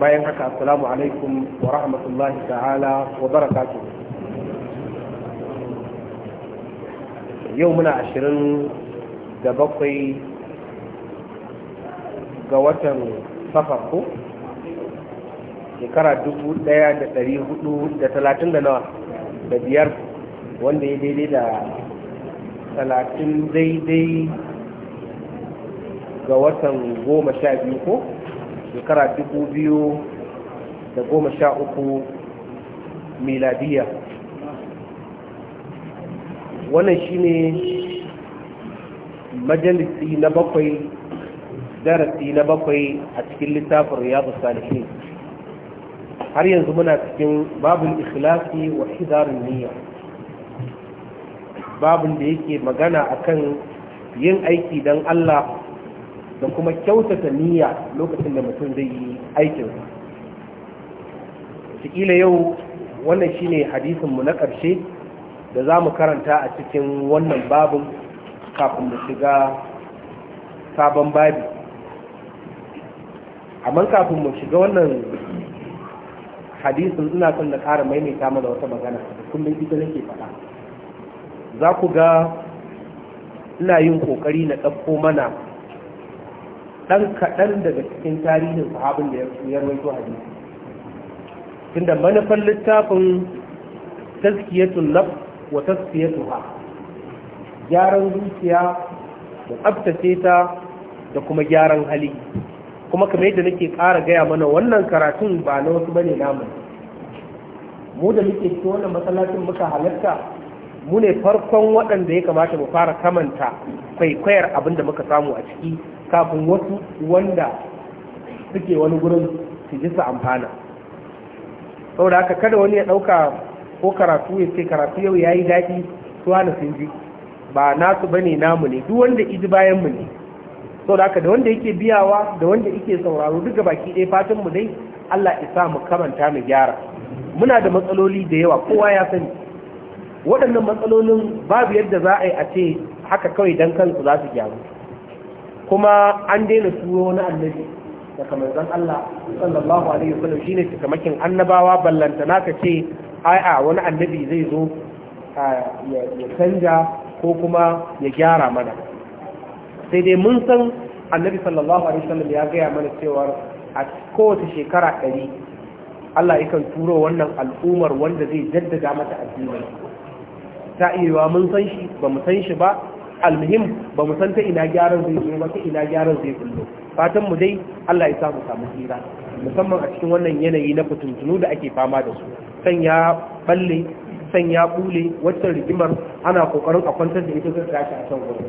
bayan haka assalamu alaikum wa rahmatullahi ta'ala wa barakatu yau muna ashirin da bakwai ga watan safar ko shekara dubu daya da dari hudu da talatin da nawa da biyar wanda ya daidai da talatin daidai ga watan goma sha biyu ko shekara dubu biyu da goma sha uku miladiya wannan shine majalisi na bakwai darasi na bakwai a cikin littafin riyadu salihin har yanzu muna cikin babul ikhlasi wa hidarun niyya babun da yake magana akan yin aiki don Allah da kuma kyautata niyya lokacin da mutum zai yi aikin sikila yau wannan shine hadisin mu na ƙarshe da za mu karanta a cikin wannan babin kafin mu shiga sabon babi amma kafin mu shiga wannan hadisin ina son da ƙara maimaita mana wata magana da kullum ita nake faɗa za ku ga ina yin ƙoƙari na ɗauko mana dan kaɗan daga cikin tarihin sahabin da ya rawaito hadisi tunda manufar littafin tazkiyatun naf wa tazkiyatuha gyaran zuciya da tsabtace ta da kuma gyaran hali kuma kamar yadda nake ƙara gaya mana wannan karatun ba na wasu bane namu mu da muke cikin wannan masallacin muka halarta mu ne farkon waɗanda ya kamata mu fara kamanta kwaikwayar abin da muka samu a ciki kafin wasu wanda suke wani gurin su ji su amfana saboda haka kada wani ya ɗauka ko karatu ya ce karatu yau ya yi daɗi su hana sun ji ba nasu bane namu ne duk wanda iji bayan mu ne saboda haka da wanda yake biyawa da wanda yake sauraro duka baki ɗaya fatan mu dai Allah isa mu kamanta mu gyara muna da matsaloli da yawa kowa ya sani waɗannan matsalolin babu yadda za a yi a ce haka kawai dan kansu za su gyaru kuma an daina turo na annabi daga manzon Allah sallallahu alaihi wasallam shine cikamakin annabawa ballanta ka ce ai a wani annabi zai zo ya canja ko kuma ya gyara mana sai dai mun san annabi sallallahu alaihi wasallam ya gaya mana cewa a kowace shekara ɗari Allah yakan turo wannan al'umar wanda zai jaddada mata addini ta iya mun san shi ba mu san shi ba almuhim ba mu san ta ina gyaran zai zo ba ta ina gyaran zai kullo fatan mu dai Allah ya sa mu samu tsira musamman a cikin wannan yanayi na fitintunu da ake fama da su sanya balle sanya kule wannan rigimar ana kokarin a kwantar da ita zai tashi a can gurin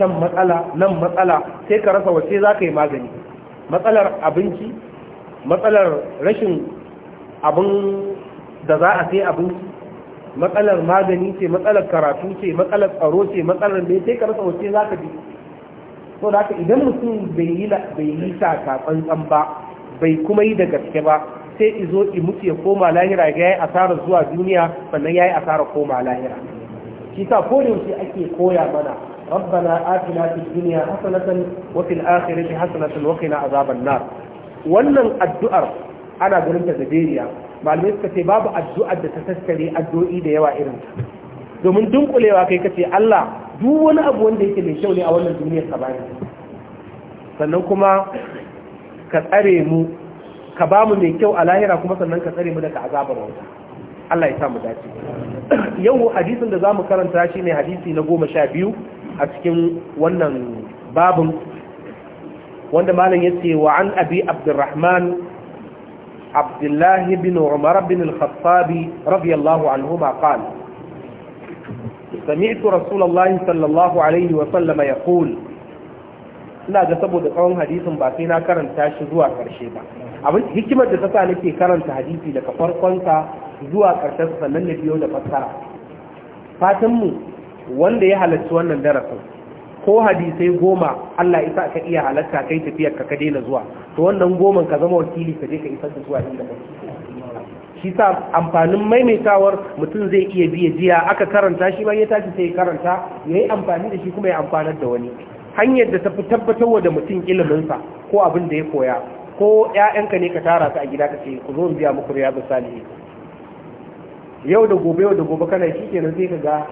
can matsala nan matsala sai ka rasa wace za ka yi magani matsalar abinci matsalar rashin abin da za a sai abinci matsalar magani ce matsalar karatu ce matsalar tsaro ce matsalar mai sai ka rasa wace za ka bi so da haka idan mutum bai yi bai yi saka tsantsan ba bai kuma yi da gaske ba sai izo i mutu ya koma lahira ga yayi asarar zuwa duniya sannan yayi asarar koma lahira shi sa ko da ake koya mana ربنا آتنا في الدنيا حسنة وفي الآخرة حسنة وقنا azaban النار wannan addu'ar ana ganin ta da malamai suka ce babu addu'ar da ta taskare addu'o'i da yawa irin domin dunkulewa kai kace Allah duk wani abu wanda yake mai kyau ne a wannan duniya ka bani sannan kuma ka tsare mu ka ba mu mai kyau a lahira kuma sannan ka tsare mu daga azabar wata Allah ya sa mu dace yau hadisin da zamu karanta shi ne hadisi na goma sha biyu a cikin wannan babin wanda malam yace wa an abi abdurrahman عبد الله بن عمر بن الخطاب رضي الله عنهما قال سمعت رسول الله صلى الله عليه وسلم يقول ina ga saboda tsawon hadisin ba sai na karanta shi zuwa karshe ba abin hikimar da ta sa nake karanta hadisi daga farkonsa zuwa karshen sannan na biyo da fassara fatan mu wanda ya halarci wannan darasin ko hadisai goma Allah isa ka iya halatta kai tafiyar ka ka daina zuwa to wannan goman ka zama wakili ka je ka isa da zuwa inda ka shi sa amfanin maimaitawar mutum zai iya biya jiya aka karanta shi ya tashi sai ya karanta yayi amfani da shi kuma ya amfanar da wani hanyar da ta fi tabbatar da mutum iliminsa ko abin da ya koya ko ƴaƴanka ne ka tara su a gida ka ce ku zo biya muku riyadu salihin yau da gobe yau da gobe kana shi kenan sai ka ga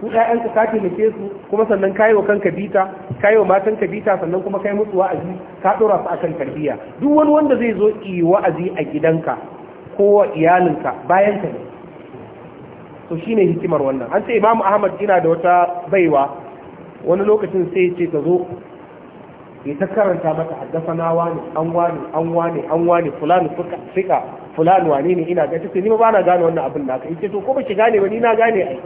su ƴaƴanka ka taimake su kuma sannan kayi wa kanka bita kayi wa ka bita sannan kuma kai musu wa'azi ka ɗora su akan tarbiyya duk wani wanda zai zo yi wa'azi a gidanka ko wa iyalinka bayan ka ne to shine hikimar wannan an ce imamu ahmad ina da wata baiwa wani lokacin sai ya ce ka zo ya ta karanta mata haddasana wani an wani an wani an wani fulani fika fulani wane ne ina ga tace ni ba na gane wannan abin da aka ce to ko ba ki gane ba ni na gane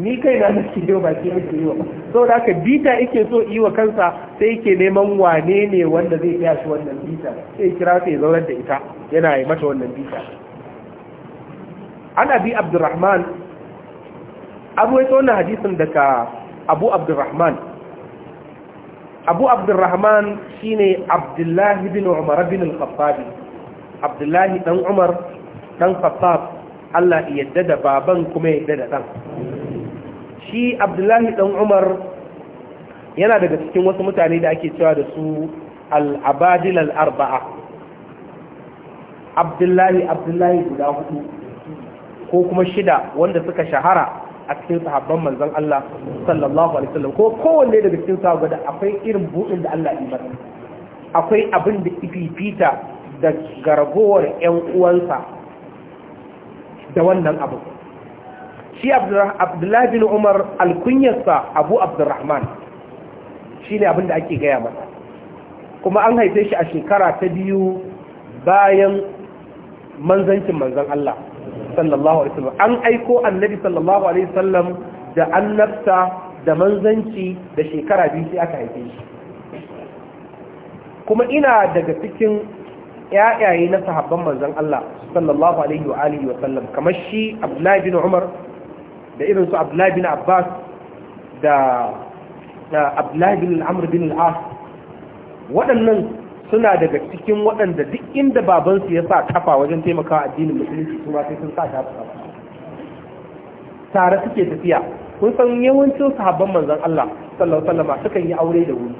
ni kai na da ke ba ke muke yi wa so da aka bita yake so yi wa kansa sai yake neman wane ne wanda zai iya shi wannan bita sai kira sai zaunar da ita yana yi mata wannan bita ana bi abdurrahman abu ya tsohon hadisin daga abu abdurrahman abu abdurrahman ne abdullahi bin umar bin al abdullahi dan umar dan khattab Allah ya yadda da baban kuma ya yadda da dan shi abdullahi dan umar yana daga cikin wasu mutane da ake cewa da su al'abadil al'arba'a abdullahi abdullahi guda hudu ko kuma shida wanda suka shahara a cikin sahabban manzon Allah sallallahu alaihi wasallam ko kowanne daga cikin sahabba da akwai irin buɗin da Allah ya masa akwai abin da ififita da garagowar ƴan uwansa da wannan abu shi abdullahi bin umar alkunyarsa abu abdurrahman shi ne abinda ake gaya mata, kuma an haife shi a shekara ta biyu bayan manzancin manzan Allah sallallahu alaihi wasallam an aiko annabi sallallahu alaihi wasallam da annabta da manzanci da shekara biyu sai aka haife shi kuma ina daga cikin ƴaƴaye na sahabban manzan Allah sallallahu alaihi wa alihi wasallam kamar shi Abdullahi bin Umar da irin su abdullahi bin abbas da abdullahi bin al'amur bin al'as waɗannan suna daga cikin waɗanda duk inda babansu ya sa kafa wajen taimakawa addinin musulunci su ma sai sun sa shafi kafa tare suke tafiya kun san yawancin sahabban manzan Allah sallallahu alaihi wasallam sukan yi aure da wuri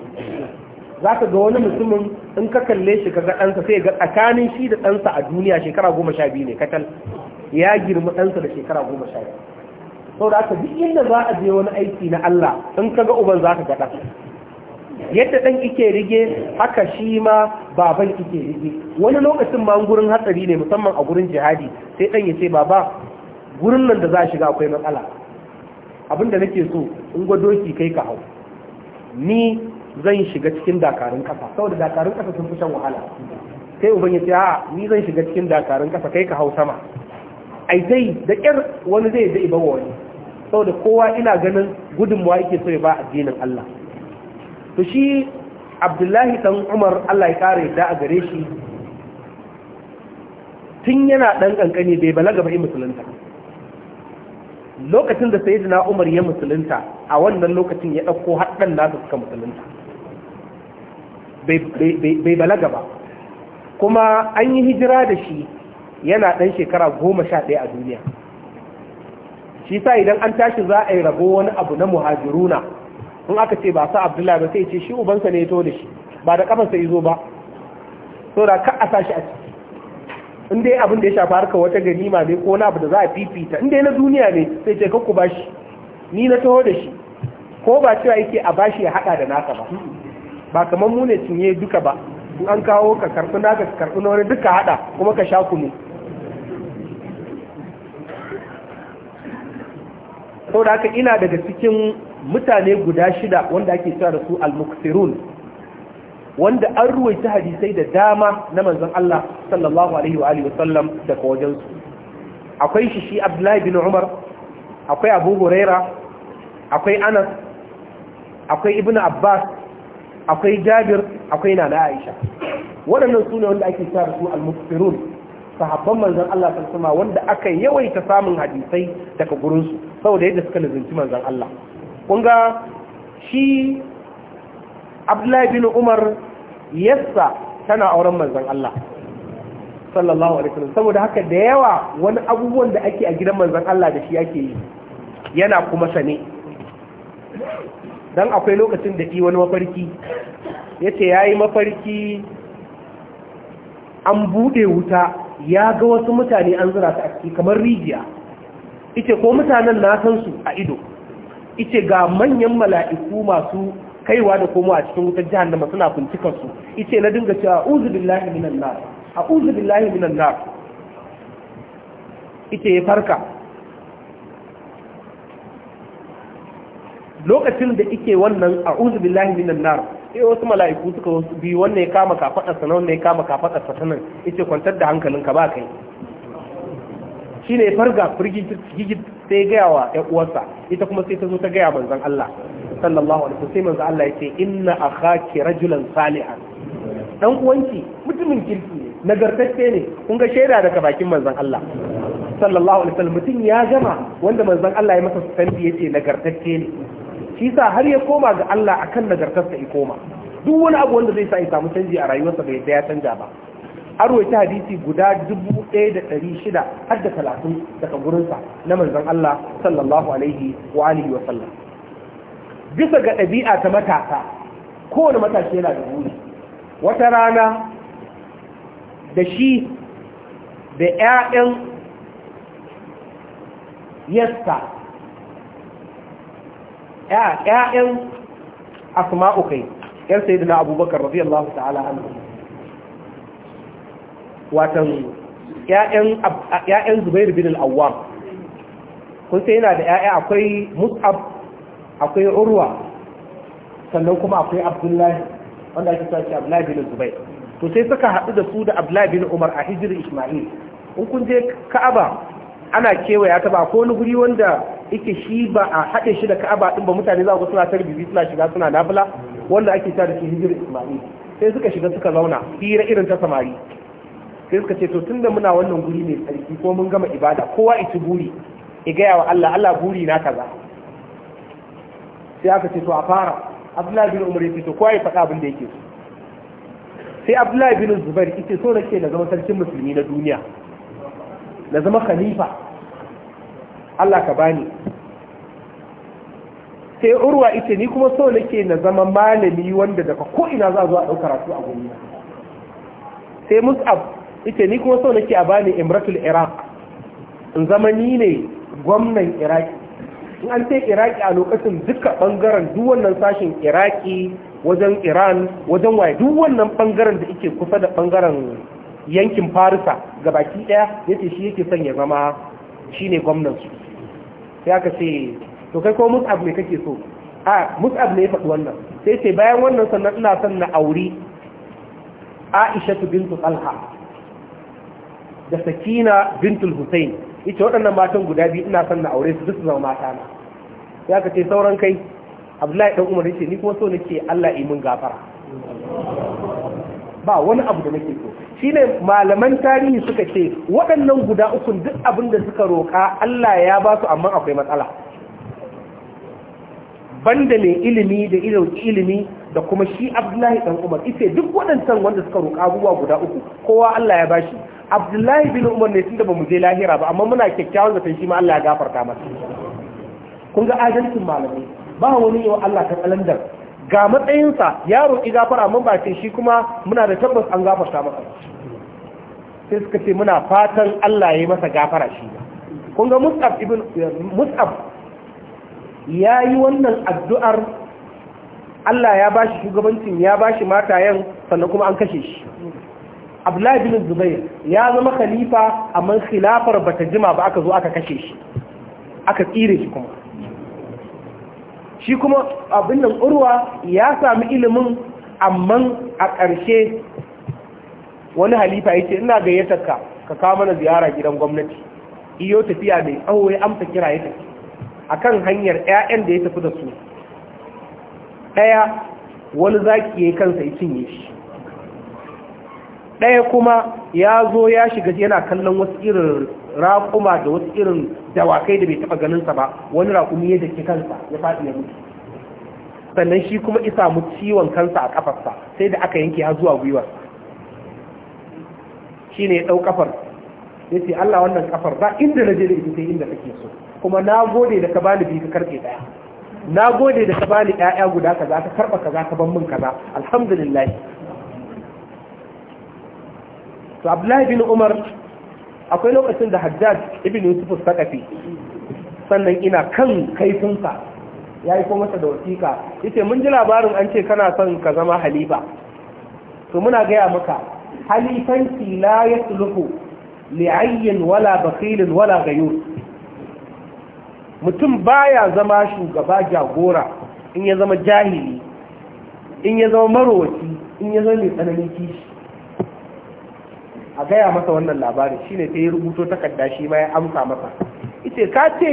za ka ga wani musulmin in ka kalle shi ka ga ɗansa sai ga tsakanin shi da ɗansa a duniya shekara goma sha biyu ne katal ya girma ɗansa da shekara goma sha biyu saboda aka duk inda za a je wani aiki na Allah in ka ga uban za ka ga yadda ɗan ike rige haka shi ma baban ike rige wani lokacin ma gurin hatsari ne musamman a gurin jihadi sai ɗan ya ce baba gurin nan da za a shiga akwai matsala abinda nake so in gwa doki kai ka hau ni zan shiga cikin dakarun kasa saboda dakarun kasa sun fi shan wahala sai uban ya ce a ni zan shiga cikin dakarun kasa kai ka hau sama ai dai da ƙyar wani zai da ibawa wani saboda kowa ina ganin gudunmuwa yake so ya ba addinin Allah to shi Abdullahi dan Umar Allah ya kare da a gare shi tun yana dan kankani bai balaga ba musulunta lokacin da sayyidina Umar ya musulunta a wannan lokacin ya ɗauko haɗɗan nasa suka musulunta bai balaga ba kuma an yi hijira da shi yana dan shekara goma sha ɗaya a duniya shi sa idan an tashi za a yi rabo wani abu na muhajiruna in aka ce ba sa abdullahi ba sai ce shi ubansa ne ya to da shi ba da kafansa izo ba so da ka a sashi a ciki in dai abin da ya shafa harka wata ganima ne ko na abu da za a fifita in dai na duniya ne sai ce kakku ba shi ni na taho da shi ko ba cewa yake a bashi ya haɗa da naka ba ba kamar mu ne cinye duka ba in an kawo ka karfi naka ka na wani duka haɗa kuma ka sha kunu saboda haka ina daga cikin mutane guda shida wanda ake cewa da su al-muksirun wanda an ruwaita hadisai da dama na manzon Allah sallallahu alaihi wa alihi wasallam daga wajensu. su akwai shi shi Abdullahi bin Umar akwai Abu Huraira akwai Anas akwai Ibn Abbas akwai Jabir akwai Nana Aisha waɗannan su ne wanda ake cewa da su al-muksirun sahabban manzon Allah kuma wanda aka yawaita samun hadisai daga gurinsu, su saboda yadda suka nazanci manzon Allah kun ga shi Abdullahi bin Umar yassa tana auren manzon Allah sallallahu alaihi wasallam saboda haka da yawa wani abubuwan da ake a gidan manzan Allah da shi ake yi yana kuma sane dan akwai lokacin da wani mafarki yace yayi mafarki an bude wuta ya ga wasu mutane an zura su a ciki kamar rijiya ita ko mutanen na san su a ido ita ga manyan mala'iku masu kaiwa da komo a cikin wutar jahannama suna kuntukar su ita na dinga cewa uzu billahi minan nar a'udhu billahi minan nar ita ya farka lokacin da ike wannan a'udhu billahi minan nar sai wasu mala'iku suka wasu bi wannan ya kama kafaɗa sa wannan ya kama kafaɗa sa nan yace kwantar da ka ba kai shine ne farga firgigit sai gaya wa ya uwarsa ita kuma sai ta zo ta gaya manzon Allah sallallahu alaihi wasallam sai manzon Allah yace inna akhaki rajulan salihan dan uwanki mutumin kirki ne nagartacce ne kun ga shaida daga bakin manzon Allah sallallahu alaihi wasallam mutum ya gama wanda manzon Allah ya masa sanbi yace nagartacce ne shi sa har ya koma ga Allah akan nagartarsa ya koma duk wani abu wanda zai sa ya samu canji a rayuwarsa bai da ya canja ba arwa ta hadisi guda 1600 har da 30 daga gurinsa na manzon Allah sallallahu alaihi wa alihi wa sallam bisa ga ɗabi'a ta matasa kowane matashi yana da buri wata rana da shi da 'ya'yan yasta ƴaƴan asma'u kai ƴan sayyidina abubakar rafi su ta'ala hannu watan ƴaƴan Zubairu bin al kun sai yana da ƴaƴa akwai mus'ab akwai urwa sannan kuma akwai abdullahi wanda ake sace abdullahi bin zubai to sai suka haɗu da su da abdullahi bin umar a hijirin isma'il in kun je ka'aba ana kewaya ta ba ko wani guri wanda ike shi ba a haɗe shi da ka'aba ɗin ba mutane za ku suna rubi suna shiga suna nafila wanda ake sa da shi hijir ismail sai suka shiga suka zauna hira irin ta samari sai suka ce to tunda muna wannan guri mai tsarki ko mun gama ibada kowa ita ci buri ya gaya wa Allah Allah buri na kaza sai aka ce to a fara Abdullahi bin Umar ce to kowa ya faɗa abin da yake so sai Abdullahi bin Zubair yace so nake na zama sarkin musulmi na duniya na zama khalifa Allah ka bani sai urwa ita ni kuma so nake na zama malami wanda daga ko ina za zuwa ɗaukar rasu a gurina sai mus'ab ita ni kuma so nake a bani imratul iraq in zama ni ne gwamnan iraki in an sai iraki a lokacin duka bangaren duk wannan sashin iraki wajen iran wajen waye duk wannan bangaren da yake kusa da bangaren yankin farisa gabaki daya yace shi yake son ya zama shine gwamnan su Ya ka ce to kai ko mus'ab ne kake so a mus'ab ne ya faɗi wannan sai ce bayan wannan sannan ina son na auri aisha bintu talha da sakina bintul husain ita waɗannan matan guda biyu ina son na aure su duk zama mata na Ya ka ce sauran kai abdullahi dan umar ce, ni kuma so nake Allah yi min gafara ba wani abu da nake so shine malaman tarihi suka ce waɗannan guda ukun duk abin da suka roƙa Allah ya ba su amma akwai matsala banda mai ilimi da ilauki ilimi da kuma shi Abdullahi dan Umar ite duk waɗannan wanda suka roƙa abuwa guda uku kowa Allah ya bashi Abdullahi bin Umar ne tunda bamu je lahira ba amma muna kyakkyawan zaton shi ma Allah ya gafarta masa kun ga adalcin malamai ba wani yau Allah ta kalandar ga matsayinsa yaro i gafara mun ba shi kuma muna da tabbas an gafarta masa sai suka ce muna fatan Allah ya yi masa gafara shi kun ga mus'ab ibn mus'ab ya yi wannan addu'ar Allah ya bashi shugabancin ya bashi matayen sannan kuma an kashe shi Abdullahi ibn Zubair ya zama khalifa amma khilafar bata jima ba aka zo aka kashe shi aka tsire shi kuma shi kuma abin nan urwa ya sami ilimin amma a ƙarshe wani halifa ya ce ina gayyatar ka ka kawo mana ziyara gidan gwamnati iyo tafiya mai tsawo ya amsa kira ya tafi kan hanyar 'ya'yan da ya tafi da su ɗaya wani zaki ya yi kansa ya cinye shi ɗaya kuma ya zo ya shiga yana kallon wasu irin raƙuma da wasu irin dawakai da bai taɓa ganinsa ba wani raƙumi ya jake kansa ya faɗi ya mutu sannan shi kuma isa mu ciwon kansa a ƙafarsa sai da aka yanke har zuwa gwiwar shi ne ya ɗau ƙafar ya ce Allah wannan ƙafar ba inda na je da ita sai inda kake so kuma na gode da ka bani biyu ka karɓe ɗaya na gode da ka bani ƴaƴa guda kaza ka karɓa kaza ka ban min kaza alhamdulillah to Abdullahi bin Umar akwai lokacin da hajjaj ibn yusuf sakafi sannan ina kan kaifinsa ya yi masa da wasiƙa yace mun ji labarin an ce kana son ka zama halifa to muna gaya maka halifanci la yasluhu li'ayyin wala bakilin wala gayur mutum baya zama shugaba jagora in ya zama jahili in ya zama marowaci in ya zama mai tsananin kishi a gaya masa wannan labarin shine ta yi rubuto takarda shi ma ya amsa masa ita ka ce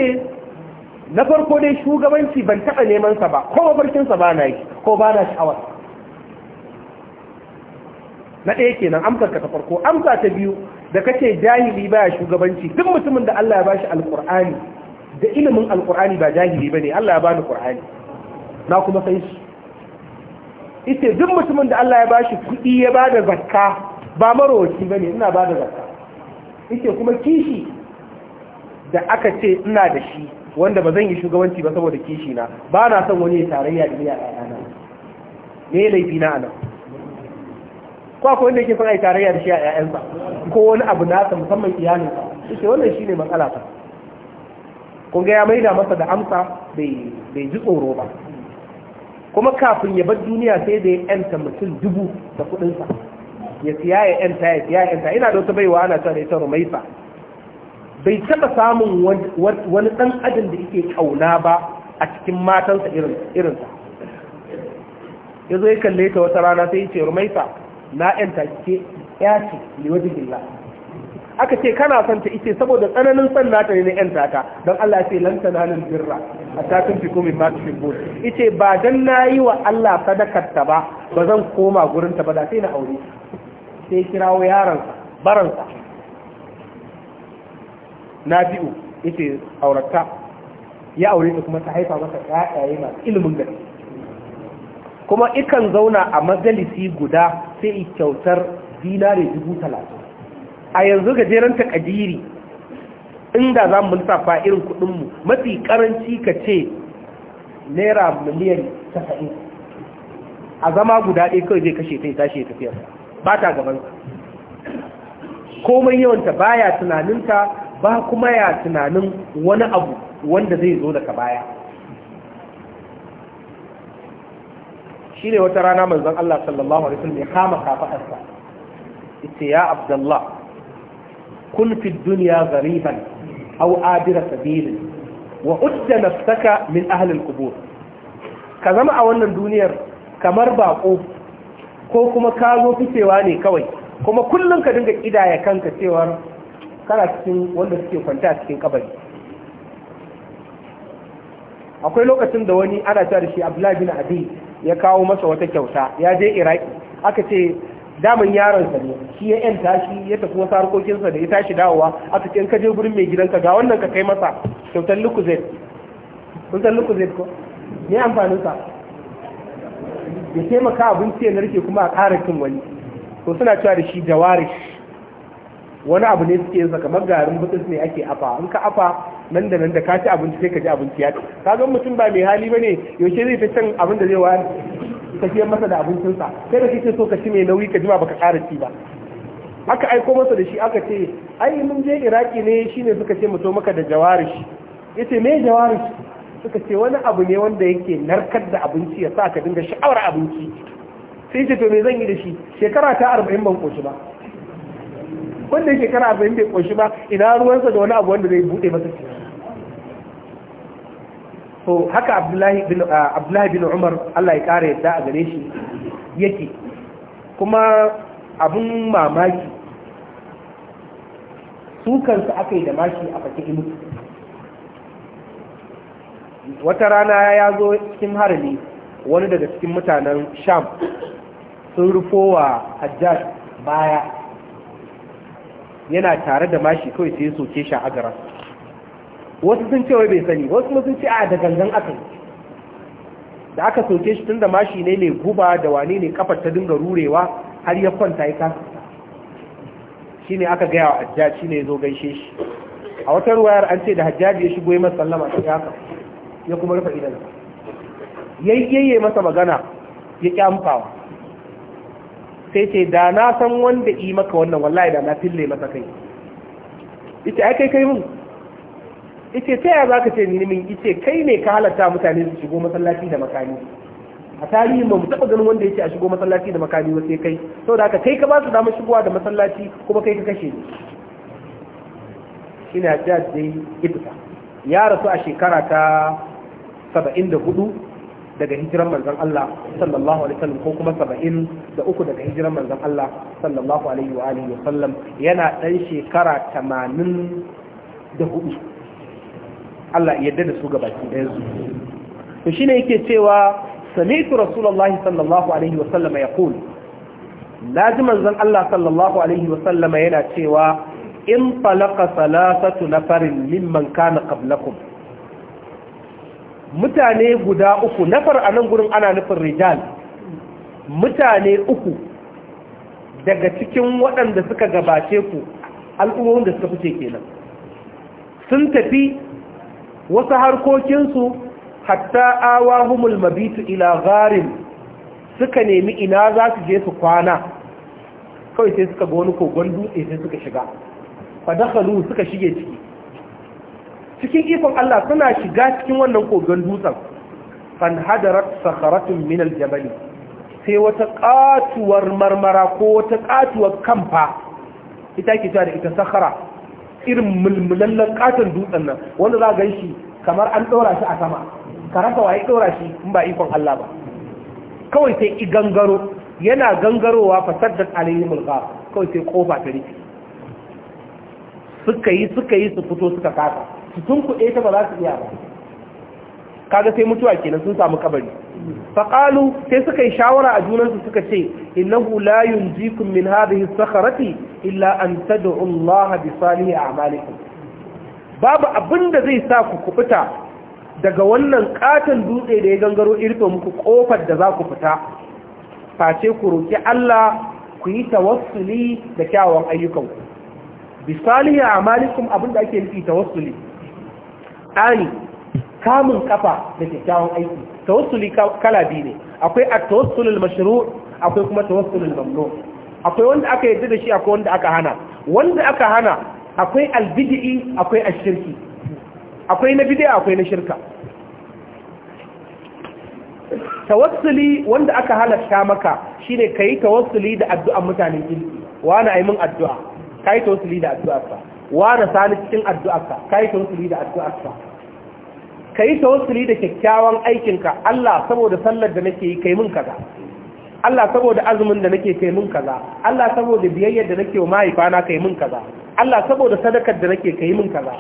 na farko dai shugabanci ban taɓa neman sa ba ko mafarkinsa ba na yi ko ba na sha'awar na ɗaya kenan amsar ka ta farko amsa ta biyu da kace jahili ya shugabanci duk mutumin da Allah ya bashi alƙur'ani da ilimin alƙur'ani ba jahili ne Allah ya bani ƙur'ani na kuma sai shi ita duk mutumin da Allah ya bashi kuɗi ya ba da zakka ba marowaci ba ne ina ba da zaka ike kuma kishi da aka ce ina da shi wanda ba zan yi shugabanci ba saboda kishi na ba na son wani tarayya da ni a ƴaƴana ne laifi na anan ko akwai wanda yake son ai tarayya da shi a 'ya'yansa? ko wani abu nasa musamman iyalinsa ike wannan shine matsala ta kun ga ya maida masa da amsa bai ji tsoro ba kuma kafin ya bar duniya sai da ya yanta mutum dubu da kuɗinsa ya siya ya yanta ya siya ya yanta ina da wata baiwa ana cewa ita rumaisa bai taba samun wani dan adam da yake kauna ba a cikin matansa irinsa ya zo ya kalle ta wata rana sai ya ce rumaisa na yanta ke ya ce liwajin gila aka ce kana son ta ice saboda tsananin son nata ne na yanta ta don Allah ce na nan birra a fi hatta tunfiqu fi tuhibbun ice ba don na yi wa Allah sadakar ta ba ba zan koma gurin ta ba da sai na aure sai kirawo yaransa, baransa na biyu ita aurata ya aure ta kuma ta haifa masa ƴaƴaye masu ilimin gari kuma ikan zauna a majalisi guda sai kyautar zinare dubu talatin a yanzu gajeren ƙadiri, inda za mu lissafa irin kudinmu mafi karanci ka ce naira miliyan 90 a zama guda ɗaya kawai zai kashe ta yi tashi ya tafiyarsa ba ta gabansa komai yawanta baya tunaninta ba kuma ya tunanin wani abu wanda zai zo daga baya shi ne wata rana manzon Allah sallallahu alaihi wasallam ya kama kafaɗarsa ita ya abdullah kun fi duniya gariban au adira sabilin wa udda nafsaka min ahlil kubur ka zama a wannan duniyar kamar baƙo ko kuma ka zo ficewa ne kawai kuma kullum ka dinga kidaya kanka cewar kana cikin wanda suke kwanta cikin kabari akwai lokacin da wani ana cewa da shi abdullahi bin abi ya kawo masa wata kyauta ya je iraki aka ce daman yaronsa ne shi ya yan tashi ya tafi wasu harkokinsa da ya tashi dawowa aka ce in ka je gurin mai gidanka ga wannan ka kai masa kyautar lukuzet kun san lukuzet ko amfanin amfaninsa ya taimaka abinci ya narke kuma a ƙara cin wani to suna cewa da shi jawarish wani abu ne suke yin kamar garin butus ne ake afa in ka afa nan da nan da ka ci abinci sai ka ji abinci ya ci ka ga mutum ba mai hali bane yaushe zai ta can abin da zai wayar ka masa da abincinsa sai da kike so ka ci mai nauyi ka jima baka ƙara ci ba aka aiko masa da shi aka ce ai mun je iraki ne shine suka ce mu to maka da jawarish yace me jawarish suka ce wani abu ne wanda yake narkar da abinci ya sa ka dinga sha'awar abinci sai ce to me zan yi da shi shekara ta arba'in ban koshi ba wanda yake shekara arba'in bai koshi ba ina ruwansa da wani abu wanda zai buɗe masa ciki to haka abdullahi bin ah, umar allah ya ƙara yadda a gare shi yake kuma abin mamaki kansu aka yi da mashi a fake ilu wata rana ya zo cikin harami wani daga cikin mutanen sham sun rufowa hajjaj baya yana tare da mashi kawai sai soke shi a gara wasu sun ce wai bai sani wasu sun ce a da gangan aka da aka soke shi tun da mashi ne mai guba da wane ne kafar ta dinga rurewa har ya kwanta ya kasa shi ne aka gaya wa hajjaj shi ne ya zo gaishe shi a wata ruwayar an ce da hajjaji ya shigo yi masallama ta haka ya kuma rufe idan yayyaye masa magana ya kyamfawa sai ce da na san wanda yi maka wannan wallahi da na fille masa kai ita ai kai kai mun ita ta yaya zaka ce ni min ita kai ne ka halatta mutane su shigo masallaci da makami a tarihin ba mu taɓa ganin wanda yake a shigo masallaci da makami ba sai kai saboda haka kai ka ba su damar shigowa da masallaci kuma kai ka kashe ni shine Hajjaj dai ita ya rasu a shekara ta saba'in da hudu daga hijiran manzon Allah sallallahu alaihi wasallam ko kuma saba'in da uku daga hijiran manzon Allah sallallahu alaihi wa alihi wasallam yana dan shekara tamanin da hudu Allah yadda da su gabaki ɗayan su to shine yake cewa sami'tu rasulullahi sallallahu alaihi wasallam yaqul laji manzon Allah sallallahu alaihi wasallam yana cewa in talaqa salasatu nafarin mimman kana qablakum mutane guda uku nafar a nan gudun ana nufin rijal mutane uku daga cikin waɗanda suka gabace ku al'ummomin da suka fice kenan sun tafi wasu harkokinsu hatta humul mabitu ila gharin suka nemi ina za su je su kwana kawai sai suka ga wani kogon dutse sai suka shiga fadakalu suka shige ciki cikin ikon Allah suna shiga cikin wannan kogon dutsen fan hadarat sakharatun min aljabali sai wata katuwar marmara ko wata katuwar kamfa ita ke cewa da ita sakhara irin mulmulallen katon dutsen nan wanda za ga shi kamar an dora shi a sama ka rasa waye dora shi in ba ikon Allah ba kawai sai i gangaro yana gangarowa da alayhi mulqa kawai sai kofa ta rike suka yi suka yi su fito suka kasa su tunkuɗe ta ba za su iya ba kaga sai mutuwa kenan sun samu kabari faƙalu sai suka yi shawara a junansu suka ce innahu la yunjikum min hadhihi sakharati illa an tad'u Allah bi salihi a'malikum babu abinda zai sa ku kubuta daga wannan ƙaton dutse da ya gangaro irfe muku kofar da za ku fita face ku roki Allah ku yi tawassuli da kyawawan ayyukanku bi salihi a'malikum abinda ake nufi tawassuli alƙur'ani kamun kafa da kyakkyawan aiki tawassuli kala biyu ne akwai a tawassulul mashru akwai kuma tawassulul mamnu akwai wanda aka yarda da shi akwai wanda aka hana wanda aka hana akwai albid'i akwai ashirki akwai na bid'a akwai na shirka tawassuli wanda aka halatta maka shine kai tawassuli da addu'an mutanen kirki wani ayi min addu'a kai tawassuli da addu'a ka wa da sani cikin addu'arka ka yi tawassuli da addu'arka ka yi tawassuli da kyakkyawan aikinka Allah saboda sallar da nake yi kai mun kaza Allah saboda azumin da nake kai mun kaza Allah saboda biyayyar da nake wa mahaifana kai mun kaza Allah saboda sadakar da nake kai mun kaza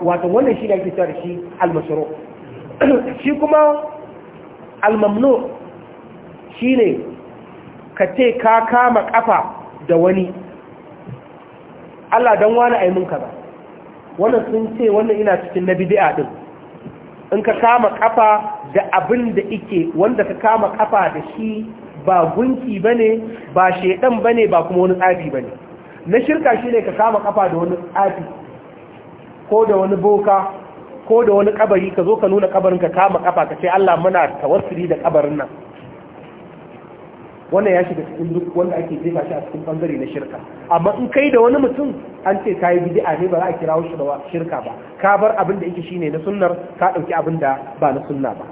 wato wannan shi ne ake cewa shi al-mashru shi kuma al-mamnu shine ka ce ka kama kafa da wani Allah don wani yi mun ba, wannan sun ce wannan ina cikin na bidi'a din in ka kama kafa da abin da ike wanda ka kama kafa da shi ba gunki ba ne, ba shedan bane ba kuma wani tsafi ba ne, na shirka shi shine ka kama kafa da wani tsafi ko da wani boka ko da wani kabari ka zo ka nuna ƙabarin ka kama kafa ka ce Allah muna tawassuli da kabarin nan wannan ya shiga cikin duk wanda ake jefa shi a cikin bangare na shirka amma in kai da wani mutum an ce ka yi bid'a ne ba za a kira shi da shirka ba ka bar abin da yake shine na sunnar ka dauki abin da ba na sunna ba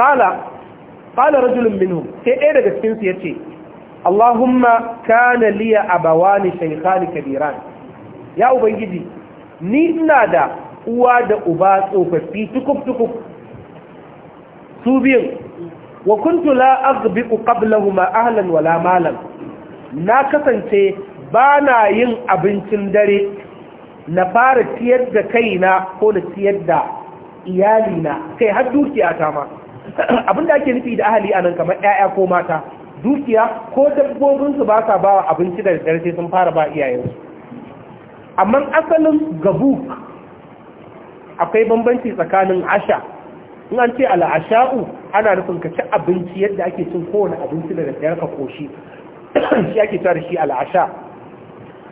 qala qala rajulun minhum sai ɗaya daga cikin su yace Allahumma kana liya abawani shaykhan kabiran ya ubangiji ni ina da uwa da uba tsofaffi tukuf tukuf su biyun wa kuntu la azbiqu qablahuma ahlan wala malan na kasance ba na yin abincin dare na fara tiyar da kaina ko na tiyar da iyalina kai har dukiya ta ma abinda ake nufi da ahali anan kamar 'ya'ya ko mata dukiya ko dabbobinsu ba sa bawa abinci da dare sai sun fara ba iyayensu amma asalin gabuk akwai bambanci tsakanin asha in an ce al'asha'u ana nufin ka ci abinci yadda ake cin kowane abinci daga tsayar ka koshi shi ake tare shi al'asha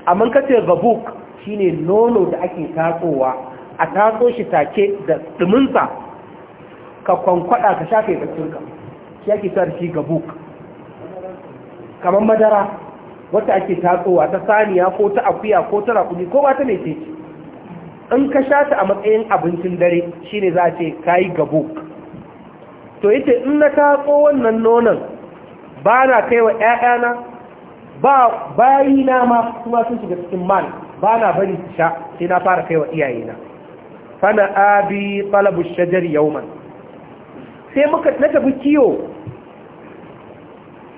amma ka ce gabuk shine nono da ake tatsowa a tatso shi take da tsiminsa ka kwankwada ka shafe cinka shi ake tare shi gabuk kamar madara wata ake tatsowa ta saniya ko ta akuya ko ta rakuni ko ba ta mai teki in ka sha ta a matsayin abincin dare shine za a ce ka yi gabo to ce in na tatso wannan nonon ba na kai wa 'ya'yana ba na ma kuma sun shiga cikin mal ba na bari su sha sai na fara kai wa iyayena fana abi talabu shajar yauman sai muka na tafi kiyo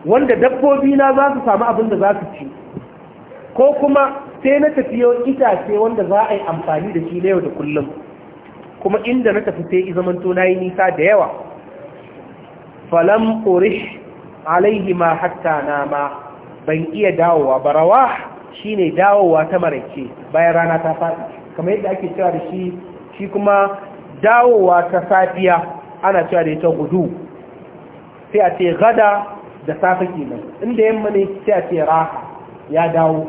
wanda dabbobi na za su samu abin da za su ci ko kuma sai na tafi yau itace wanda za a yi amfani da shi na yau da kullum kuma inda na tafi sai izamanto na yi nisa da yawa falam ƙorish alaihi ma hatta na ma ban iya dawowa barawa shi ne dawowa ta maraice bayan rana ta faɗi kamar yadda ake cewa da shi shi kuma dawowa ta safiya ana cewa da ita gudu sai a ce gada da safe kenan inda yamma ne sai a ce raha ya dawo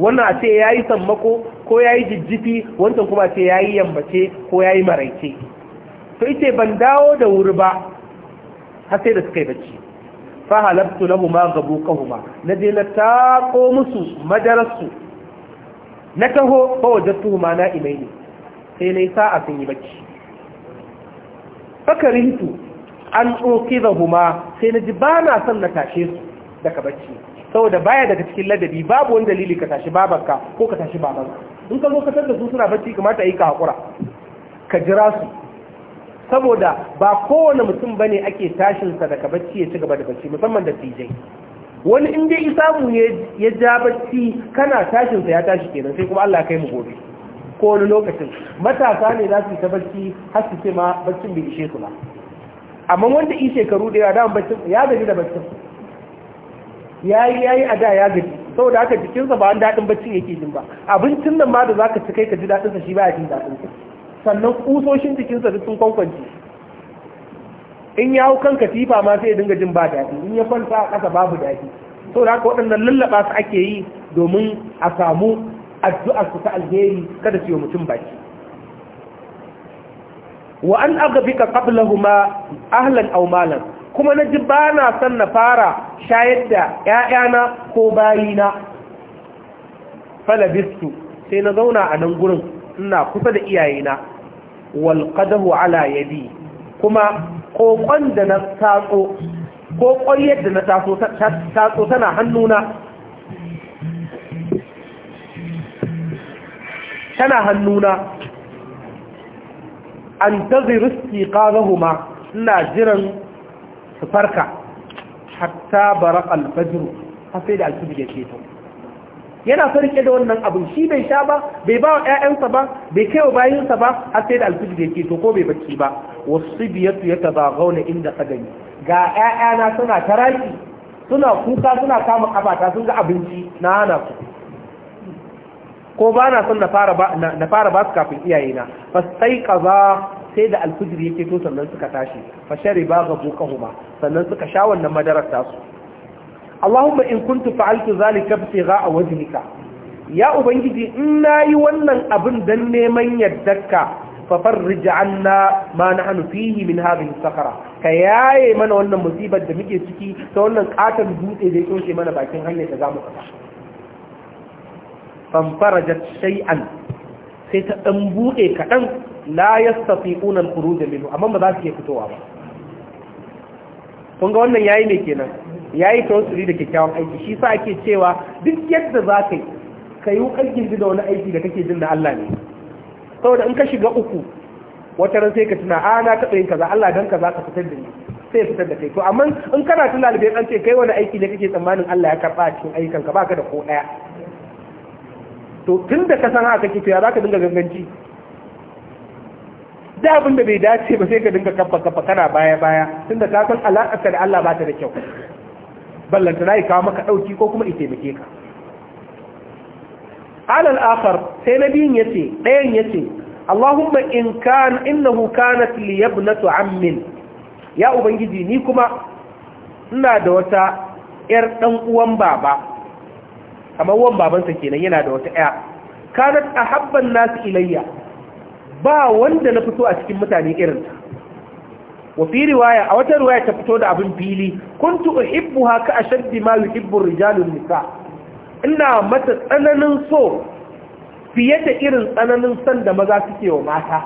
wannan a ce ya yi sammako ko ya yi jijjifi wancan kuma ce ya yi yambace ko ya yi maraice to ita ban dawo da wuri ba har sai da suka yi bacci fa halabtu lahuma huma. na je na taƙo musu madararsu na taho ba na imai ne. sai na yi sa'a sun yi bacci fakarintu an da huma. sai na ji ba na son na tashe su daga bacci saboda baya daga cikin ladabi babu wani dalili ka tashi babanka ko ka tashi babanka in ka zo ka da su suna bacci kamata yi ka hakura ka jira su saboda ba kowane mutum bane ake tashin sa daga bacci ya ci gaba da bacci musamman da tijai wani in dai samu ya ja bacci kana tashin sa ya tashi kenan sai kuma Allah ya kai mu gobe ko wani lokacin matasa ne za su yi ta bacci har su ce ma baccin bai ishe su ba amma wanda ishe shekaru da yawa dama baccin ya gaji da baccin Ya yi a da ya gaji saboda haka jikinsa ba wanda daɗin bacci yake jin ba abincin nan ma da ka ci kai ka ji daɗinsa shi ba ya jin daɗin sannan kusoshin jikinsa duk sun kwankwanci in ya hau kan katifa ma sai ya dinga jin ba daɗi in ya kwanta a ƙasa babu daɗi saboda haka waɗannan lallaɓa su ake yi domin a samu addu'ar su ta alheri kada su yi mutum baki wa an aga bika qablahuma ahlan aw kuma na ji ba na son na fara shayar da ‘ya'yana ko bayina falabistu sai na zauna a nan gurin ina kusa da iyayena walƙadahu ala yadi kuma ƙoƙon da na tatso ko da na tatso tana hannuna tana hannuna an tazirusti ƙazahuma ina jiran su farka hatta bara alfajiru har sai da alfajir ya ceto yana farke da wannan abin shi bai sha ba bai ba wa ba bai kai wa bayinsa ba har sai da alfajir ya ceto ko bai bacci ba wasu biyatu ya gauna inda kadami ga 'ya'yana suna taraki suna kuka suna kama kafata sun ga abinci na hana ku ko ba na son na fara ba su kafin iyayena sai kaza sai da alfijir yake to sannan suka tashi fa boka huma, sannan suka sha wannan madarar tasu Allahumma in kuntu fa'altu zalika a wajhika ya ubangiji in nayi wannan abin dan neman yaddarka fa farrij anna ma nahnu fihi min hadhihi sakara ka yaye mana wannan musibar da muke ciki ta wannan katon dutse da ya mana bakin hanyar da zamu fara fanfarajat shay'an sai ta ɗan buɗe kaɗan la ya safi unan kuru da minu amma ba za su iya fitowa ba kun ga wannan yayi ne kenan yayi tawassuli da kyakkyawan aiki shi sa ake cewa duk yadda za ka yi ka yi wuƙar gizi da wani aiki da kake jin da Allah ne saboda in ka shiga uku wata ran sai ka tuna a ah, na taɓa yin kaza Allah dan kaza ka fitar da ni sai fitar da kai to amma in kana tuna albe an ce kai wani aiki ne kake tsammanin Allah ya karɓa cikin ayyukanka baka da ko ɗaya to tun da ka san haka kake to ya zaka dinga ganganci da abin da bai dace ba sai ka dinga kafa kafa kana baya baya tun da ka san alaƙarka da Allah ba ta da kyau ballan ta yi kawo maka ɗauki ko kuma ita taimake ka alal akhar sai na biyun ya ce ɗayan ya ce Allahumma in kan innahu kanat li yabnatu ammin ya ubangiji ni kuma ina da wata ‘yar dan uwan baba kamar wan babansa kenan yana da wata Kanar kanat ahabban nasu ilayya ba wanda na fito a cikin mutane irin ta wa fi riwaya a wata riwaya ta fito da abin fili kuntu uhibbuha ka ashaddi ma yuhibbu rijalun nisa ina mata tsananin so fiye da irin tsananin san da maza suke wa mata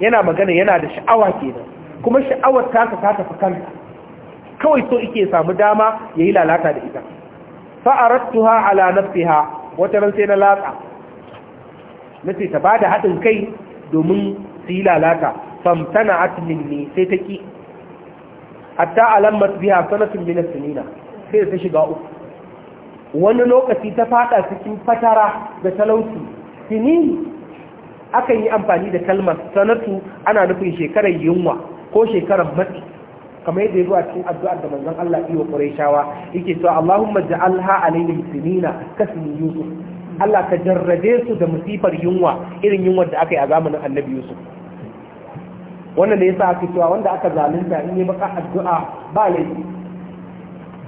yana magana yana da sha'awa kenan kuma sha'awar ta ta kanta kawai so ike samu dama ya yi lalata da ita fa'arattuha ala nafsiha wata ran sai na latsa nace ta bada haɗin kai domin su yi lalata famtana ne sai ta ƙi. hatta alammat biha sanatin min as sai ta shiga uku wani lokaci ta fada cikin fatara da talauci sinin akan yi amfani da kalmar sanatu ana nufin shekarar yunwa ko shekarar matsi kamar yadda ya zo a cikin addu'ar da manzon Allah iya wa Qurayshawa yake cewa Allahumma ja'alha alayhi sinina kasmi Yusuf Allah ka jarrade su da musibar yunwa irin yunwar da aka yi a zamanin Annabi Yusuf wannan da yasa aka cewa wanda aka zalunta in yi maka addu'a ba laifi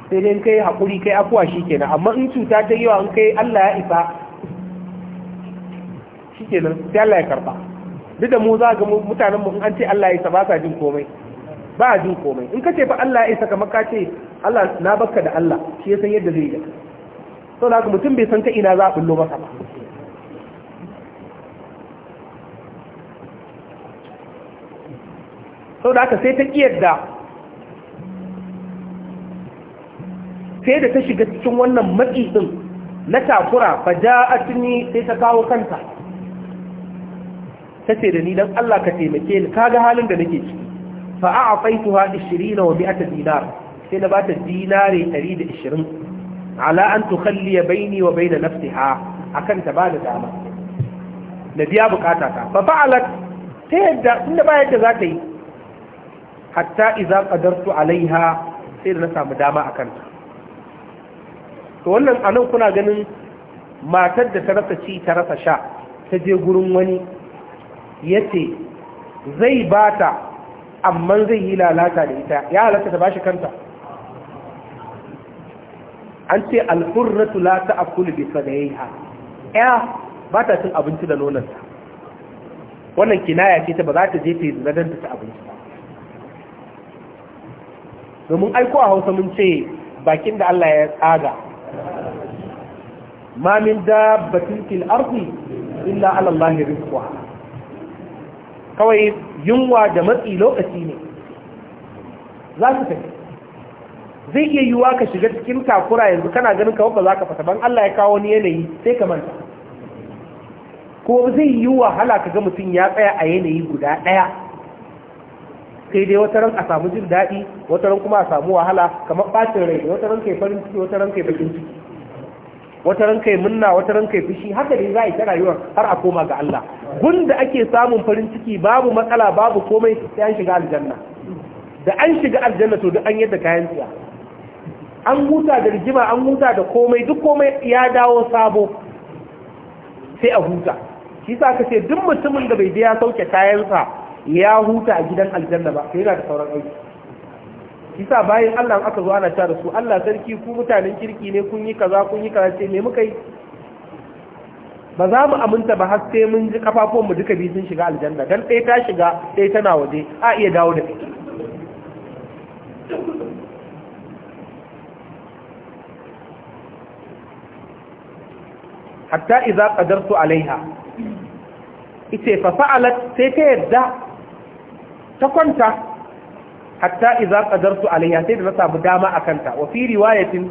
sai dai kai hakuri kai afuwa shikenan amma in cuta ta yawa in kai Allah ya isa shikenan sai Allah ya karba duk da mu za ga mutanen mu in an ce Allah ya isa ba sa jin komai ba jin komai in ka ce fa Allah ya isa kamar ka ce Allah na baka da Allah shi ya san yadda zai yi sau da mutum bai san ka ina za a bullo masa ba sau da aka sai ta da sai da ta shiga cikin wannan matsi ɗin na takura fa ja a tuni sai ta kawo kanta ta ce da ni don Allah ka taimake ni Ka ga halin da nake ciki fa a'taytuha 20 wa 100 dinar sai na bata dinare 120 ala an tukhalli baini wa baina nafsiha akan ta bada dama na biya bukata ta fa fa'alat ta yadda inda yadda za ta yi hatta idza qadartu alaiha sai da na samu dama akan ta to wannan anan kuna ganin matar da ta rasa ci ta rasa sha ta je gurin wani yace zai bata amma zai yi lalata da ita ya halatta ta bashi kanta an ce alfurratu la akulu bi sadaiha ya ba ta cin abinci da nonanta wannan kinaya ce ta ba za ta je ta yi ta abinci ba domin aiko a hausa mun ce bakin da Allah ya tsaga ma min dabbatin fil ardi illa ala Allah rizqaha kawai yunwa da matsi lokaci ne za su tafi zai iya yiwuwa ka shiga cikin takura yanzu kana ganin kawai ba za ka fata ban Allah ya kawo wani yanayi sai ka manta ko zai yi wahala ka ga mutum ya tsaya a yanayi guda ɗaya sai dai wata ran a samu jin daɗi wata ran kuma a samu wahala kamar ɓacin rai wata ran kai farin ciki wata ran kai bakin ciki wata rankai munna wata rankai fushi haka dai za a yi ta rayuwar har a koma ga Allah gunda ake samun farin ciki babu matsala babu komai sai an shiga aljanna da an shiga aljanna to duk an yadda kayan tsiya an huta da rigima an huta da komai duk komai ya dawo sabo sai a huta shi sa ka ce duk mutumin da bai ya sauke kayansa ya huta a gidan aljanna ba sai yana da sauran aiki yasa bayan Allah aka zo ana tare su Allah sarki ku mutanen kirki ne kun yi kaza kun yi kaza ce me muka yi ba za mu aminta ba har sai mun ji kafafuwanmu duka biyu sun shiga aljanna dan ɗaya ta shiga ɗaya tana waje a iya dawo da hatta idza qadartu alaiha ita fa fa'alat sai ta yadda ta kwanta hatta iza qadartu alaiha sai da na samu dama akan ta wa fi riwayatin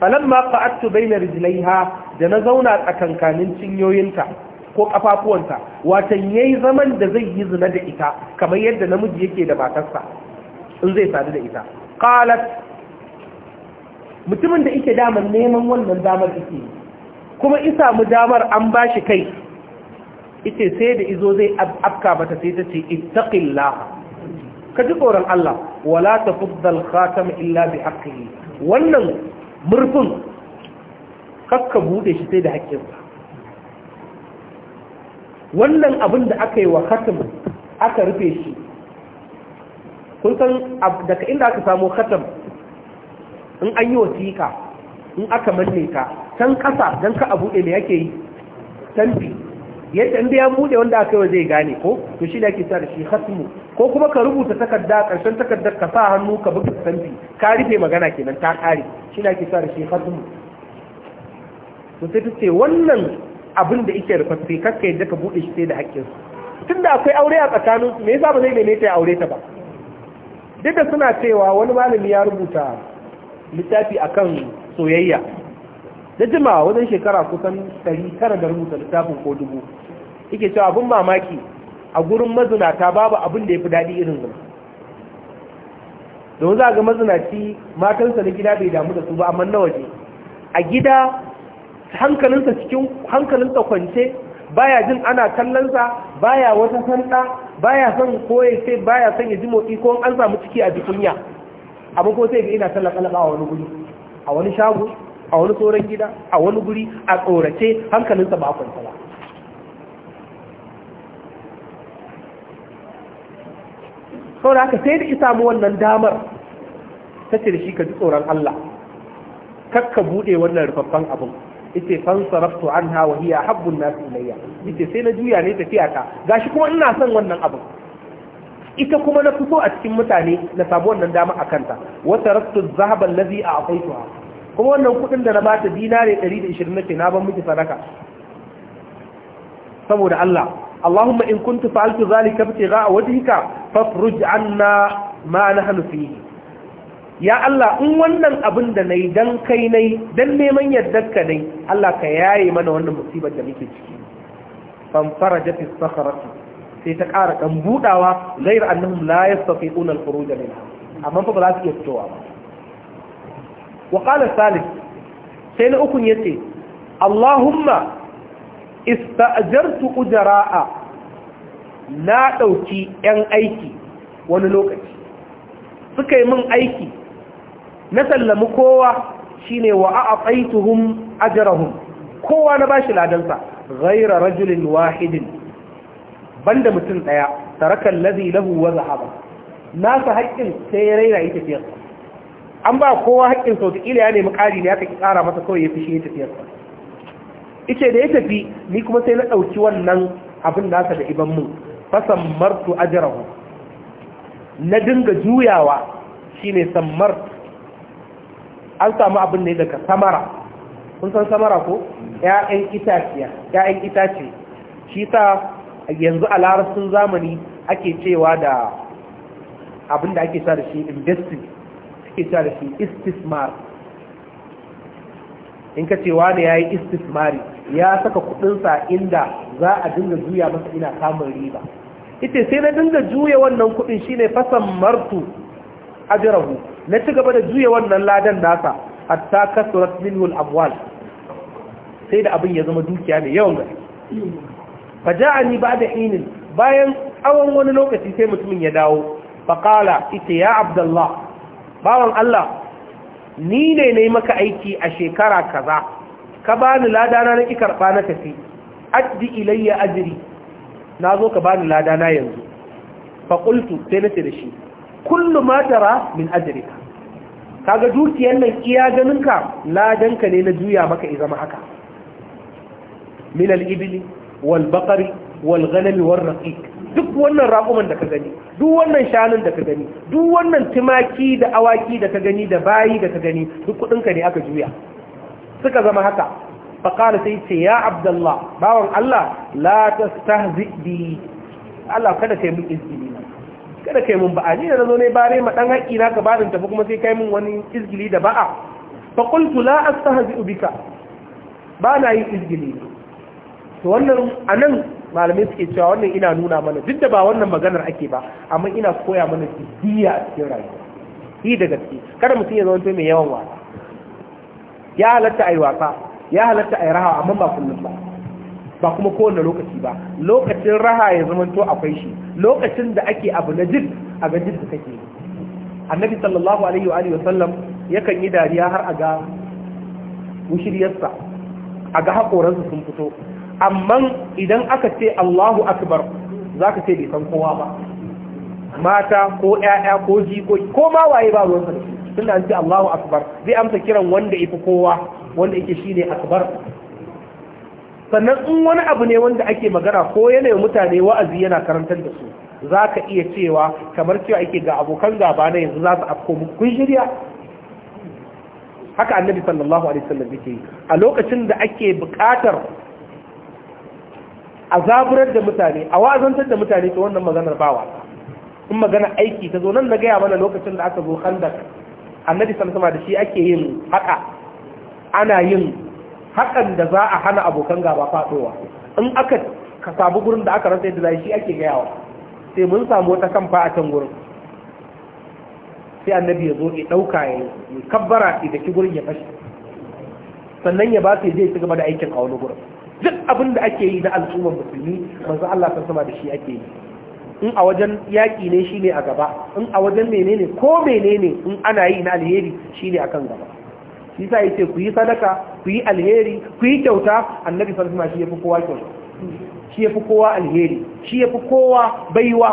falamma qa'adtu bayna rijlaiha da na zauna tsakankanin cinyoyinta ko kafafuwanta watan yayi zaman da zai yi zina da ita kamar yadda namiji yake da matarsa in zai sadu da ita qalat mutumin da yake damar neman wannan damar yake kuma isa mu damar an bashi kai ita sai da izo zai afka mata sai ta ce ittaqillaha ka ji tsoron Allah wala ta fuddal khatam illa bi haqqihi wannan murfin kakka bude shi sai da haƙƙinsa wannan abin da aka yi wa khatam aka rufe shi kun san daga inda aka samu khatam in an yi wasiƙa in aka manne ka can ƙasa don ka a buɗe me yake yi tanfi yadda inda ya bude wanda aka yi zai gane ko to shi da ake sa da shi hatmu ko kuma ka rubuta takarda karshen takardar ka sa hannu ka buga stampi ka rufe magana kenan ta kare shi da ake sa da shi hatmu to sai ta ce wannan abin da yake rufe sai kakka yadda ka buɗe shi sai da hakkin tunda akwai aure a tsakanin su me yasa ba zai neme ta aure ta ba duk da suna cewa wani malami ya rubuta littafi akan soyayya da jimawa wajen shekara kusan 900 da rubuta littafin ko dubu yake cewa abin mamaki a gurin mazinata babu abin da ya fi daɗi irin zama don za ga mazinaci matansa na gida bai damu da su ba amma na waje a gida hankalinsa cikin hankalinsa kwance baya jin ana kallonsa baya wata sanda baya son koye sai baya son ya ji motsi ko an samu ciki a jikunya Abin ko sai ga ina tallaka laka a wani guri a wani shago a wani tsoron gida a wani guri a tsorace hankalinsa ba a kwanta ba sau da aka sai da isa mu wannan damar ta ce da shi ka ji tsoron Allah kakka buɗe wannan rufaffen abin ita fansa rafto an hawa hiya habbun nasu ilayya ita sai na juya ne tafiya ta gashi kuma ina son wannan abin ita kuma na fito a cikin mutane na samu wannan dama a kanta wata rastu zahaban lazi a akwai tuwa kuma wannan kudin da na bata dinare 120 nake na ban miki sadaka saboda Allah Allahumma in kuntu fa'altu zalika ibtigha'a wajhika fafruj 'anna ma nahnu fihi ya Allah in wannan abin da nayi dan kai nayi dan neman yaddarka nayi Allah ka yaye mana wannan musibar da muke ciki fan farajat as sai ta ƙara dan budawa ghayr annahum la yastati'una al-khuruj minha amma fa ba za su iya fitowa ba wa qala sai na ukun yace Allahumma ista'jartu ujara'a na ɗauki yan aiki wani lokaci suka yi min aiki na sallamu kowa shine wa a'taituhum Ajarahun, kowa na bashi ladansa Raira rajulin wahidin banda mutum ɗaya tarakan lazi lahu wa zahaba nasa haƙƙin sai ya raira ita tafiyarsa an ba kowa haƙƙin sau da ya nemi ƙari ne aka ƙara masa kawai ya fi shi ya tafiya yasa ice da ya tafi ni kuma sai na ɗauki wannan abin nasa da iban mun fasan martu jirahu na dinga juyawa shi san martu an samu abin ne daga samara kun san samara ko yayan itaciya ƴaƴan itace shi ta yanzu a larabcin zamani ake cewa da abin da ake sa da shi investing suke da shi istismar in ka ce wani ya yi istismari ya saka kudinsa inda za a dinga juya masa ina samun riba ita sai na dinga juya wannan kudin ne fasan martu jirahu na ci gaba da juya wannan ladan nasa a takar surat al-amwal sai da abin ya zama dukiya mai yawan gaske fa ja'ani da inin bayan tsawon wani lokaci sai mutumin ya dawo fa kala ita ya abdullah bawan Allah ni ne na maka aiki a shekara kaza ka bani ladana na ki karɓa na tafi addi ilayya ajiri na zo ka bani ladana yanzu faƙultu sai na ce da shi kullum matara min ajirika kaga dukiyar nan iya ganinka ladanka ne na juya maka i zama haka min al'ibili wal baƙari wal ganami war raƙiƙ duk wannan raƙuman da ka gani duk wannan shanun da ka gani duk wannan tumaki da awaki da ka gani da bayi da ka gani duk kuɗinka ne aka juya suka zama haka faƙala sai ce ya abdallah bawan Allah la tastahzi bi Allah kada kai mun izgili kada kai mun ba'a ni da zo ne bare ma dan haƙi na ka barin tafi kuma sai kai mun wani izgili da ba'a fa qultu la astahzi bika ba na yin izgili to wannan anan malamai suke cewa wannan ina nuna mana duk da ba wannan maganar ake ba amma ina koya mana jiddiya a cikin rayuwa yi da gaske kada mutum ya zama mai yawan wasa ya halatta a yi wasa ya halatta a yi raha amma ba kullum ba ba kuma kowane lokaci ba lokacin raha ya zama to akwai shi lokacin da ake abu na jid a ga jid da kake annabi sallallahu alaihi wa alihi wasallam yakan yi dariya har a ga mushiriyarsa a ga haƙoransa sun fito amma idan aka ce Allahu akbar ka ce bai san kowa ba mata ko ƴaƴa ko jiko ko ma waye ba ruwan sa da an ce Allahu akbar zai amsa kiran wanda yafi kowa wanda yake shine akbar sannan in wani abu ne wanda ake magana ko yanayi mutane wa'azi yana karantar da su za ka iya cewa kamar cewa ake ga abokan gaba na yanzu za su afko muku kun shirya haka annabi sallallahu alaihi wasallam yake a lokacin da ake buƙatar a zaburar da mutane a wazantar da mutane ta wannan maganar ba wasa in magana aiki ta zo nan na gaya mana lokacin da aka zo handak annabi sama da shi ake yin haka ana yin hakan da za a hana abokan gaba fadowa in aka ka samu gurin da aka rasa yadda zai shi ake gayawa sai mun samu wata kamfa a can gurin sai annabi ya zo ya dauka ya kabbara da ki gurin ya fashi sannan ya ba su ya je ya ci gaba da aikin a wani gurin duk abin da ake yi na al'ummar musulmi manzo Allah san sama da shi ake yi in a wajen yaƙi ne shi ne a gaba in a wajen menene ko menene in ana yi na alheri shi ne akan gaba shi sa yace ku yi sadaka ku yi alheri ku yi kyauta annabi san sama shi yafi kowa kyauta shi yafi kowa alheri shi yafi kowa baiwa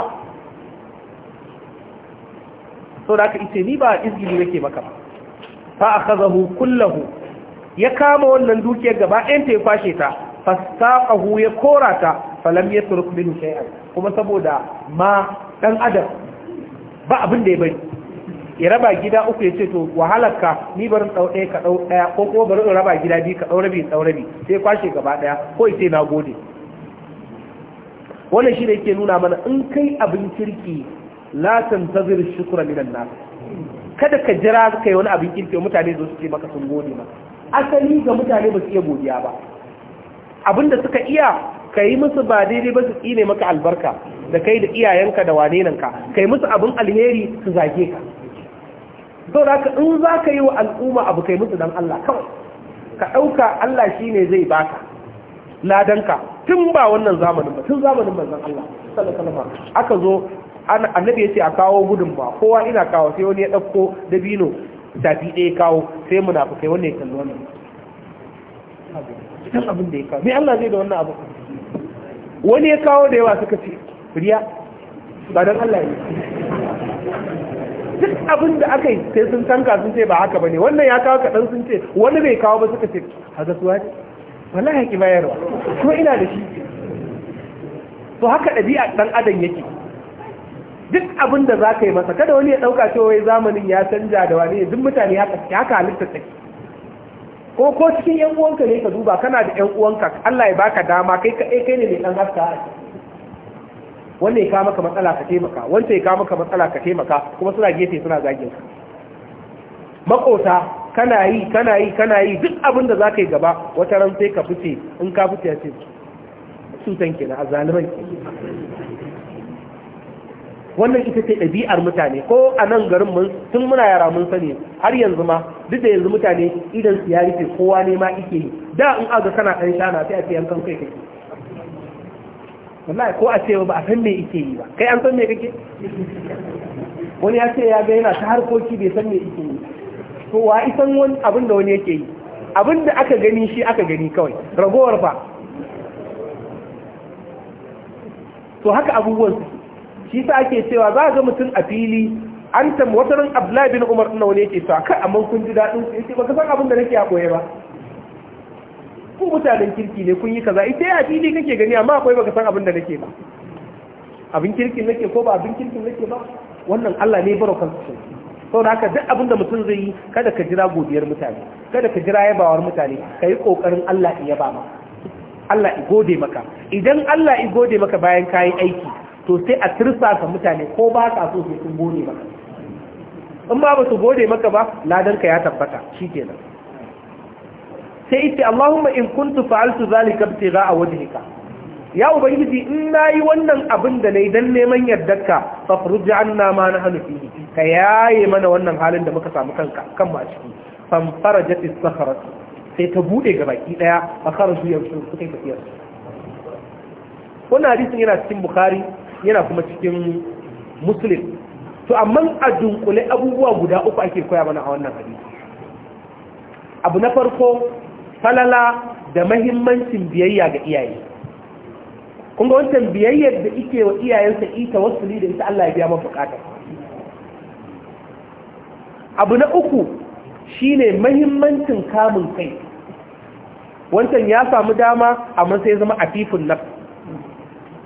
to da ka ice ni ba izgili nake maka ba fa akhadahu kullahu ya kama wannan dukiyar gaba ɗayan ta ya ta fastaqahu ya korata falam yatruk min shay'a kuma saboda ma dan adam ba abin da ya bari ya raba gida uku ya ce to wahalarka ni barin dau ɗaya ka dau ɗaya ko kuma barin raba gida biyu ka dau rabi dau rabi sai kwashe gaba ɗaya ko ya na gode wannan shi da yake nuna mana in kai abin kirki la tantazir shukra minan nas kada ka jira kai wani abin kirki mutane zo su ce maka sun gode maka asali ga mutane ba su iya godiya ba abinda suka iya ka yi musu ba daidai ba su tsine maka albarka da kai da iyayenka da wanenanka ka yi musu abin alheri su zage ka so da ka in za ka yi wa al'umma abu kai musu don Allah kawai ka ɗauka Allah shi ne zai baka ladanka tun ba wannan zamanin ba tun zamanin ba zan Allah salakalama aka zo annabi ya ce a kawo gudun ba, kowa ina kawo sai wani ya ɗauko dabino tafi ɗaya kawo sai munafukai wannan ya kalli wannan kan abin da ya kawo me Allah zai da wannan abu wani ya kawo da yawa suka ce riya ba don Allah ne duk abin da aka yi sai sun tanka sun ce ba haka ba ne wannan ya kawo kaɗan sun ce wani bai kawo ba suka ce a suwa ne wala ya ki bayarwa ko ina da shi to haka ɗabi'a ɗan adam yake duk abin da za ka yi masa kada wani ya ɗauka cewa wai zamanin ya canja da wani duk mutane ya haka halitta take ko ko cikin yan uwanka ne ka duba kana da yan uwanka Allah ya baka dama kai ka kai ne mai dan haska wanda ya kama ka matsala ka taimaka wanda ya kama ka matsala ka taimaka kuma suna gefe suna zagin ka makota kana yi kana yi kana yi duk abin da za ka yi gaba wata ran sai ka fice in ka fice ya ce su tanke na zaliman wannan ita ce ɗabi'ar mutane ko a nan garin mun tun muna yara mun sani har yanzu ma duk da yanzu mutane idan su ya rufe kowa ne ma ike yi da in aga kana ɗan shana sai a ce yankan kai kake wallahi ko a ce ba a san me ike yi ba kai an san me kake wani ya ce ya ga yana ta harkoki bai san me ike yi to wa isan wani abin da wani yake yi abin da aka gani shi aka gani kawai ragowar fa to haka abubuwan su shi sa ake cewa za a ga mutum a fili an tam wata ran Abdullahi bin Umar din wani yake cewa kai amma kun ji daɗin su yace baka san abin da nake a ɓoye ba ku mutanen kirki ne kun yi kaza ita ya fili kake gani amma akwai baka san abin da nake ba abin kirkin nake ko ba abin kirkin nake ba wannan Allah ne barokan su sau da haka duk abin da mutum zai yi kada ka jira godiyar mutane kada ka jira yabawar mutane ka yi kokarin Allah in yaba ma Allah i gode maka idan Allah i gode maka bayan kayi aiki to sai a tirsasa mutane ko ba ka so sai sun gode maka in ba su gode maka ba Ladarka ya tabbata shi ke nan. sai ita Allahumma in kuntu fa'altu zalika ibtigha'a wajhika ya ubangiji in na yi wannan abin da nayi dan neman yardarka fafruj anna ma nahnu fihi ka yaye mana wannan halin da muka samu kanka kan ma ciki ciki fanfarajat as-sakhrat sai ta bude ga baki daya a kharaju yanzu suka yi tafiyar wannan hadisin yana cikin bukhari yana kuma cikin muslim to amma a dunkule abubuwa guda uku ake koya mana a wannan hadisi abu na farko falala da mahimmancin biyayya ga iyaye kun wancan biyayyar da ike wa iyayensa ita wasuli da ita Allah ya biya mafi bukatar abu na uku shine mahimmancin kamun kai wancan ya samu dama amma sai ya zama afifun nafsi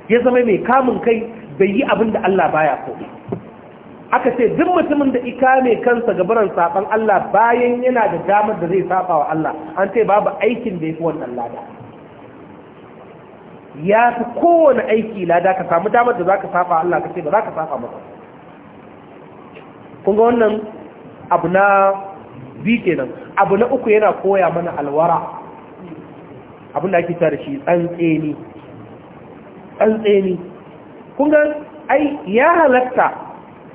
ya zama mai kamun kai bai yi abin da Allah baya so aka ce duk mutumin da ika mai kansa gabaran saban Allah bayan yana da damar da zai saɓa wa Allah an ce babu aikin da ya fi wannan lada ya fi kowane aiki lada ka samu damar da za ka saɓa Allah ka ce ba za ka saɓa masa kun ga wannan abu na ke kenan abu na uku yana koya mana alwara abin da ake tare shi tsantseni tsantseni kun ga ai ya halatta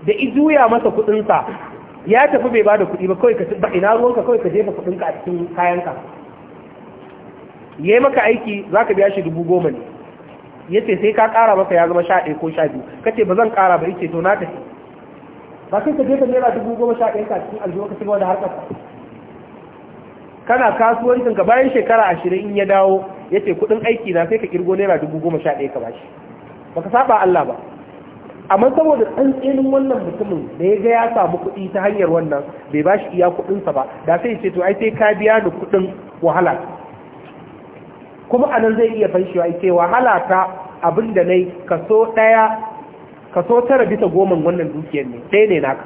da ijuya masa kudinsa ya tafi bai bada kudi ba kawai ka ba ina ruwanka kawai ka jefa kudinka a cikin kayanka yayi maka aiki zaka biya shi dubu goma ne yace sai ka kara maka ya zama sha ɗaya ko sha biyu kace ba zan kara ba yace to na tafi ba kai ka jefa naira dubu goma sha ɗaya ka cikin aljihu ka cigaba da harkar kana kasuwancin ka bayan shekara ashirin in ya dawo ya ce kudin aiki na sai ka kirgo naira dubu goma sha ɗaya ka bashi ka saba Allah ba amma saboda tsantsenin wannan mutumin da ya ga ya samu kuɗi ta hanyar wannan bai bashi iya kuɗinsa ba da sai ce to ai sai ka biya ni kuɗin wahala kuma anan zai iya fanshiwa ce wahala ta abin da nai kaso ɗaya kaso tara bisa goman wannan dukiyar ne ɗaya ne naka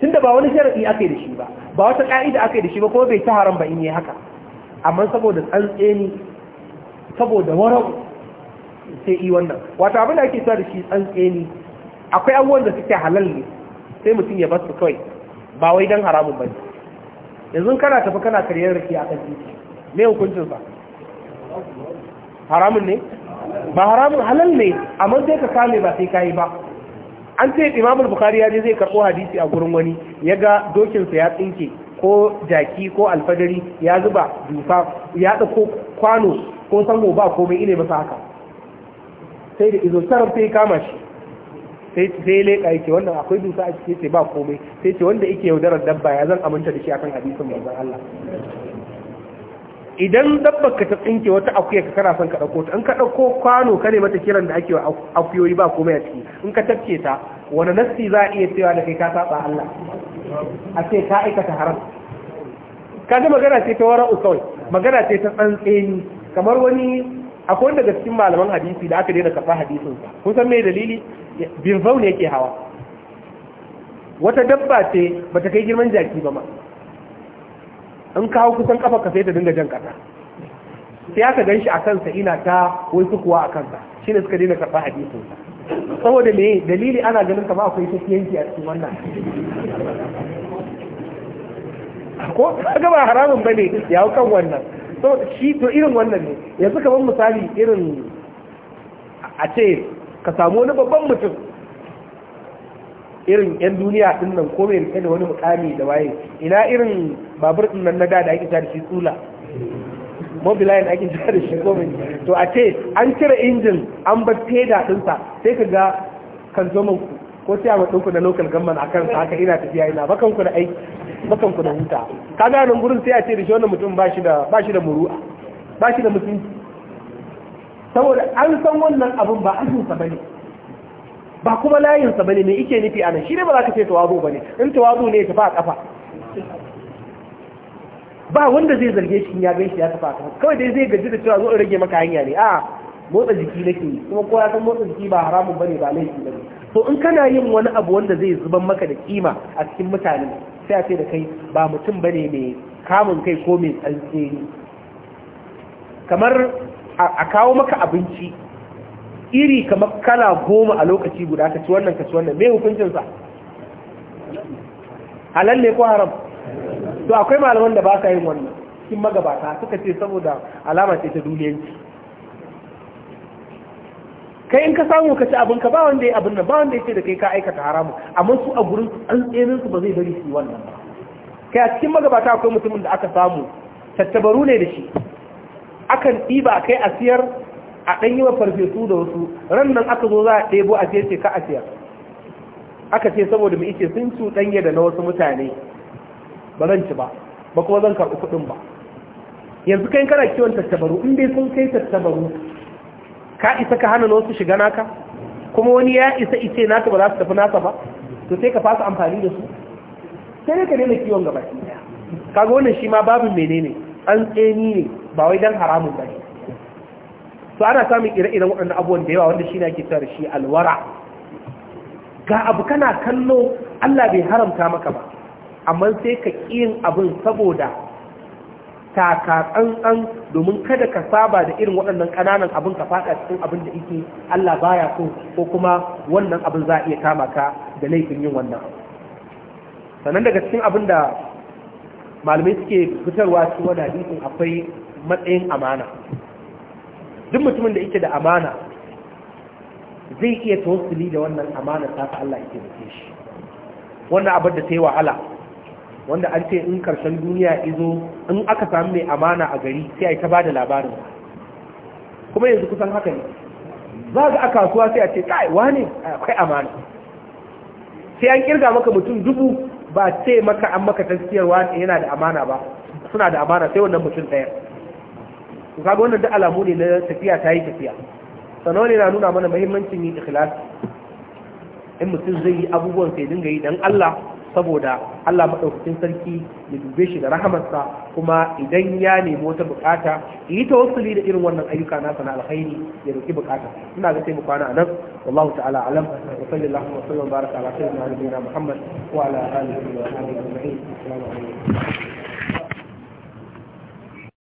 tunda ba wani sharaɗi aka yi da shi ba ba wata ƙa'ida aka yi da shi ba kuma bai ta haram ba in yi haka amma saboda tsantseni saboda warau sai yi wannan wata abin da ake sa da shi tsantseni akwai abubuwan da suke halal ne sai mutum ya basu kawai ba wai don haramun ba yanzu kana tafi kana karyar rafi a kan titi me hukuncin sa haramun ne ba haramun halal ne amma sai ka kame ba sai kayi ba an ce imamul bukhari ya je zai karɓo hadisi a gurin wani ya ga dokinsa ya tsinke ko jaki ko alfadari ya zuba dufa ya ɗauko kwano ko sango ba komai ile masa haka sai da izo sarar sai kama shi sai sai leƙa yake wannan akwai dusa a cikin ce ba komai sai ce wanda yake yaudarar dabba ya zan aminta da shi akan hadisin manzon Allah idan dabba ka ta tsinke wata akuya ka kana son ka dauko ta in ka dauko kwano ne mata kiran da ake wa akuyoyi ba komai a ciki in ka tafke ta wani nassi za a iya cewa da kai ka saba Allah a ce ka aikata haram kaji magana ce ta wara usawai magana ce ta tsantseni kamar wani akwai daga cikin malaman hadisi da aka daina kafa hadisinsa kun san me dalili bin ne yake hawa wata dabba ce bata kai girman jaki ba ma in kawo kusan kafa ka sai ta dinga jan kasa sai aka ganshi a kansa ina ta wai kuwa a kansa shine suka daina kafa hadisinsa saboda me dalili ana ganin kama akwai yanki a cikin wannan ko kaga ba haramun bane ya kan wannan so shi to irin wannan ne yanzu kamar misali irin a ce ka samu wani babban mutum irin yan duniya din nan ko mai da wani mukami da waye ina irin babur din nan na da da ake da shi tsula mobiline ake jira da shi gomin to a ce an cire injin an bar teda dinsa sai ka ga kan zoman ku ko sai a matsinku da local government a kan haka ina tafiya ina bakanku da aiki bakanku da huta ka ga nan gurin sai a ce da shi wannan mutum ba shi da muru'a ba shi da mutunci saboda an san wannan abun ba ajinsa bane ba kuma layinsa bane ne ike nufi anan shi ne ba za ka ce tawazu bane in tawazu ne ya tafi a kafa ba wanda zai zarge shi ya gaishe ya tafa kawai dai zai gaji da cewa zo in rage maka hanya ne a motsa jiki nake kuma kowa san motsa jiki ba haramun bane ba laifi ne. to in kana yin wani abu wanda zai zuban maka da kima a cikin mutane sai a ce da kai ba mutum bane mai kamun kai ko mai tsantseni kamar a kawo maka abinci iri kamar kala goma a lokaci guda ka ci wannan ka ci wannan me hukuncinsa halal ne ko haram to akwai malaman da ba sa yin wannan cikin magabata suka ce saboda alama ce ta duniyanci kai in ka samu ka ci abin ka ba wanda ya abin nan ba wanda ya ce da kai ka aikata haramu amma su a gurin an tsenin su ba zai bari su wannan ba kai a cikin magabata akwai mutumin da aka samu tattabaru ne da shi akan ɗiba kai a siyar a ɗan yi wa farfesu da wasu ran nan aka zo za a ɗebo a ce ka a siyar aka ce saboda mu ice sun cuɗanya da na wasu mutane ba zan ci ba ba kuma zan karɓi kuɗin ba yanzu kai kana kiwon tattabaru in dai sun kai tattabaru ka isa ka hana wasu shiga naka kuma wani ya isa ice naka ba za su tafi nasa ba to sai ka fasa amfani da su sai ne ka nema kiwon gaba ga wannan shi ma babu menene an tseni ne ba wai dan haramun ba to ana samun ire-iren waɗannan abubuwan da yawa wanda shi ne ake tsara shi alwara ga abu kana kallo Allah bai haramta maka ba amma sai ka ƙin abin saboda taka tsantsan domin kada ka saba da irin waɗannan ƙananan abin ka faɗa cikin abin da yake Allah baya so ko kuma wannan abin za a iya kama ka da laifin yin wannan sannan daga cikin abin da malamai suke fitarwa cikin wani hadisin akwai matsayin amana duk mutumin da yake da amana zai iya tawassuli da wannan amana ta Allah yake da shi wannan abin da ta yi wahala wanda an ce in karshen duniya izo in aka sami mai amana a gari sai a yi ta ba da labarin kuma yanzu kusan haka ne za ga a kasuwa sai a ce kai wane akwai amana sai an kirga maka mutum dubu ba ce maka an maka taskiyar wani yana da amana ba suna da amana sai wannan mutum ɗaya ku kaga wannan duk alamu ne na tafiya ta yi tafiya sannan ne na nuna mana muhimmancin yin ikhlas in mutum zai yi abubuwan sai dinga yi dan Allah saboda Allah maɗaukacin sarki ya dube shi da rahamarsa kuma idan ya nemi wata bukata yi ta wasu da irin wannan ayyuka nasa na alkhairi ya roki bukata ina ga sai mu kwana nan. wallahu ta'ala alam wa sallallahu wa sallam baraka ala sayyidina muhammad wa ala alihi wa sahbihi ajma'in assalamu alaikum